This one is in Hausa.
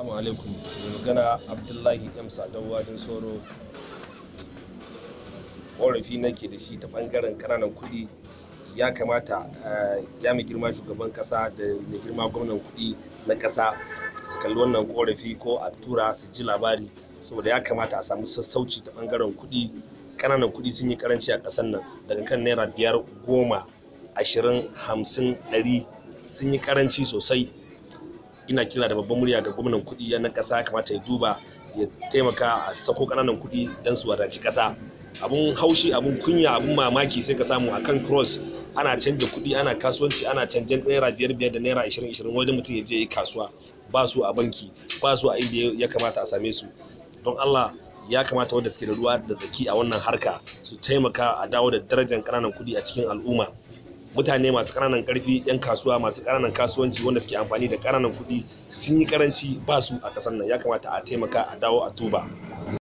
Assalamu alaikum mai magana Abdullahi M wadin Soro ƙorafi nake da shi ta ɓangaren ƙananan kuɗi ya kamata eh, ya mai girma shugaban ƙasa da mai girma gwamnan kuɗi na ƙasa su kalli wannan ƙorafi ko a tura su ji labari saboda ya kamata a samu sassauci ta ɓangaren kuɗi ƙananan kuɗi sun yi karanci a ƙasar nan daga kan naira biyar goma ashirin hamsin ɗari sun yi karanci sosai ina kira da babban murya ga gwamnan kuɗi na ƙasa kamata ya duba ya taimaka a sako kananan kuɗi don su wadaci kasa abun haushi abun kunya abun mamaki sai ka samu akan cross ana canja kuɗi ana kasuwanci ana canjan naira biyar biyar da naira ishirin ishirin wajen mutum ya je yi kasuwa ba su a banki ba su a inda ya kamata a same su don allah ya kamata wanda suke da ruwa da tsaki a wannan harka su taimaka a dawo da darajar kananan kuɗi a cikin al'umma mutane masu ƙananan ƙarfi 'yan kasuwa masu ƙananan kasuwanci wanda suke amfani da ƙananan kuɗi sun yi ƙaranci ba su a ƙasar nan ya kamata a taimaka a dawo a tuba